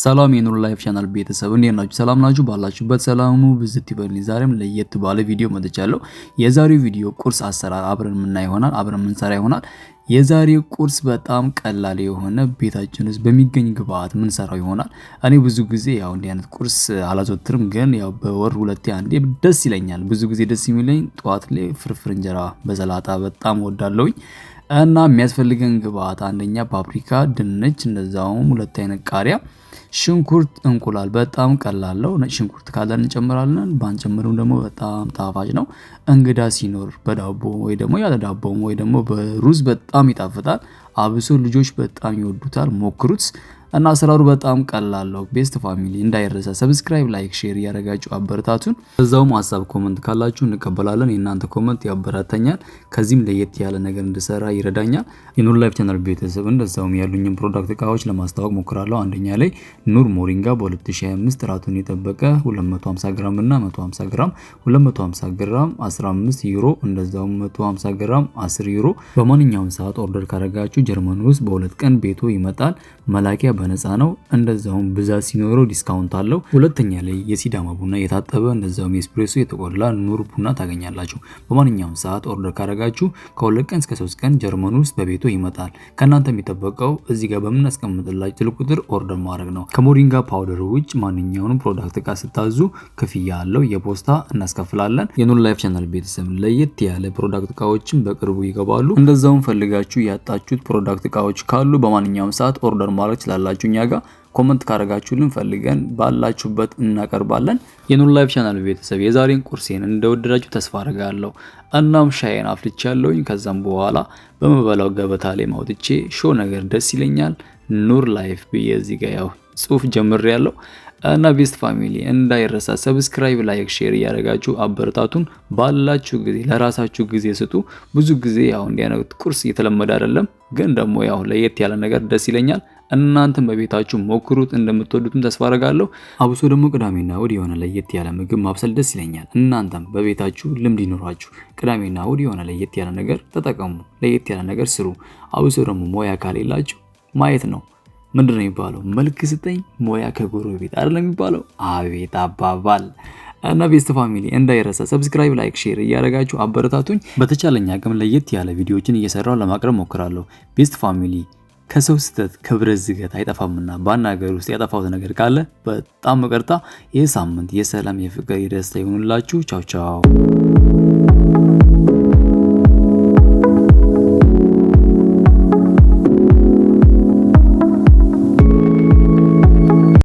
ሰላም የኑር ላይፍ ቻናል ቤተሰብ እንዴት ናችሁ? ሰላም ናችሁ? ባላችሁበት ሰላሙ ብዝት ይበል። ዛሬም ለየት ባለ ቪዲዮ መጥቻለሁ። የዛሬው ቪዲዮ ቁርስ አሰራር አብረን የምናይ ይሆናል፣ አብረን የምንሰራ ይሆናል። የዛሬው ቁርስ በጣም ቀላል የሆነ ቤታችን ውስጥ በሚገኝ ግብአት ምንሰራው ይሆናል። እኔ ብዙ ጊዜ ያው እንዲህ አይነት ቁርስ አላዘወትርም፣ ግን ያው በወር ሁለቴ አንዴ ደስ ይለኛል። ብዙ ጊዜ ደስ የሚለኝ ጠዋት ላይ ፍርፍር እንጀራ በሰላጣ በጣም ወዳለውኝ። እና የሚያስፈልገን ግብአት አንደኛ ፓፕሪካ፣ ድንች፣ እንደዛውም ሁለት አይነት ቃሪያ፣ ሽንኩርት፣ እንቁላል። በጣም ቀላለው ሽንኩርት ካለን እንጨምራለን፣ ባንጨምርም ደግሞ በጣም ጣፋጭ ነው። እንግዳ ሲኖር በዳቦ ወይ ደግሞ ያለ ዳቦ ወይ ደግሞ በሩዝ በጣም ይጣፍጣል። አብሶ ልጆች በጣም ይወዱታል። ሞክሩት። እና አሰራሩ በጣም ቀላል ነው። ቤስት ፋሚሊ እንዳይረሳ ሰብስክራይብ፣ ላይክ፣ ሼር እያደረጋችሁ አበረታቱን። በዛውም ሀሳብ ኮመንት ካላችሁ እንቀበላለን። የእናንተ ኮመንት ያበረታኛል፣ ከዚህም ለየት ያለ ነገር እንድሰራ ይረዳኛል። የኑር ላይፍ ቻናል ቤተሰብ እንደዛውም ያሉኝን ፕሮዳክት እቃዎች ለማስተዋወቅ ሞክራለሁ። አንደኛ ላይ ኑር ሞሪንጋ በ2025 ጥራቱን የጠበቀ 250 ግራም እና 150 ግራም 250 ግራም 15 ዩሮ እንደዛውም 150 ግራም 10 ዩሮ በማንኛውም ሰዓት ኦርደር ካደረጋችሁ ጀርመን ውስጥ በሁለት ቀን ቤቶ ይመጣል። መላኪያ በነፃ ነው። እንደዛውም ብዛት ሲኖረው ዲስካውንት አለው። ሁለተኛ ላይ የሲዳማ ቡና የታጠበ እንደዛውም ኤስፕሬሶ የተቆላ ኑር ቡና ታገኛላችሁ። በማንኛውም ሰዓት ኦርደር ካደረጋችሁ ከሁለት ቀን እስከ ሶስት ቀን ጀርመን ውስጥ በቤቶ ይመጣል። ከእናንተ የሚጠበቀው እዚህ ጋር በምናስቀምጥላችሁ ስልክ ቁጥር ኦርደር ማድረግ ነው። ከሞሪንጋ ፓውደር ውጭ ማንኛውንም ፕሮዳክት እቃ ስታዙ ክፍያ አለው። የፖስታ እናስከፍላለን። የኑር ላይፍ ቻናል ቤተሰብ ለየት ያለ ፕሮዳክት እቃዎችን በቅርቡ ይገባሉ። እንደዛውም ፈልጋችሁ ያጣችሁት ፕሮዳክት እቃዎች ካሉ በማንኛውም ሰዓት ኦርደር ማድረግ ትችላላችሁ። ትችላላችሁ። እኛ ጋር ኮመንት ካረጋችሁልን ፈልገን ባላችሁበት እናቀርባለን። የኑር ላይፍ ቻናል ቤተሰብ የዛሬን ቁርሴን እንደወደዳችሁ ተስፋ አረጋለሁ። እናም ሻይን አፍልቼ ያለውኝ ከዛም በኋላ በመበላው ገበታ ላይ ማውጥቼ ሾ ነገር ደስ ይለኛል። ኑር ላይፍ ብዬ እዚህ ጋ ያው ጽሁፍ ጀምር ያለው እና ቤስት ፋሚሊ እንዳይረሳ ሰብስክራይብ፣ ላይክ፣ ሼር እያደረጋችሁ አበረታቱን። ባላችሁ ጊዜ ለራሳችሁ ጊዜ ስጡ። ብዙ ጊዜ ያው እንዲህ አይነት ቁርስ እየተለመደ አይደለም፣ ግን ደግሞ ያው ለየት ያለ ነገር ደስ ይለኛል። እናንተም በቤታችሁ ሞክሩት፣ እንደምትወዱትም ተስፋ አደርጋለሁ። አብሶ ደግሞ ቅዳሜና እሁድ የሆነ ለየት ያለ ምግብ ማብሰል ደስ ይለኛል። እናንተም በቤታችሁ ልምድ ይኖራችሁ፣ ቅዳሜና እሁድ የሆነ ለየት ያለ ነገር ተጠቀሙ፣ ለየት ያለ ነገር ስሩ። አብሶ ደግሞ ሞያ ካሌላችሁ ማየት ነው። ምንድን ነው የሚባለው? መልክ ስጠኝ ሞያ ከጎረቤት አይደለም የሚባለው? አቤት አባባል እና ቤስት ፋሚሊ እንዳይረሳ ሰብስክራይብ፣ ላይክ፣ ሼር እያደረጋችሁ አበረታቱኝ። በተቻለኝ አቅም ለየት ያለ ቪዲዮዎችን እየሰራው ለማቅረብ ሞክራለሁ። ቤስት ፋሚሊ ከሰው ስህተት ከብረት ዝገት አይጠፋምና በአንድ ሀገር ውስጥ ያጠፋሁት ነገር ካለ በጣም ይቅርታ። ይህ ሳምንት የሰላም፣ የፍቅር፣ የደስታ ይሆኑላችሁ። ቻው ቻው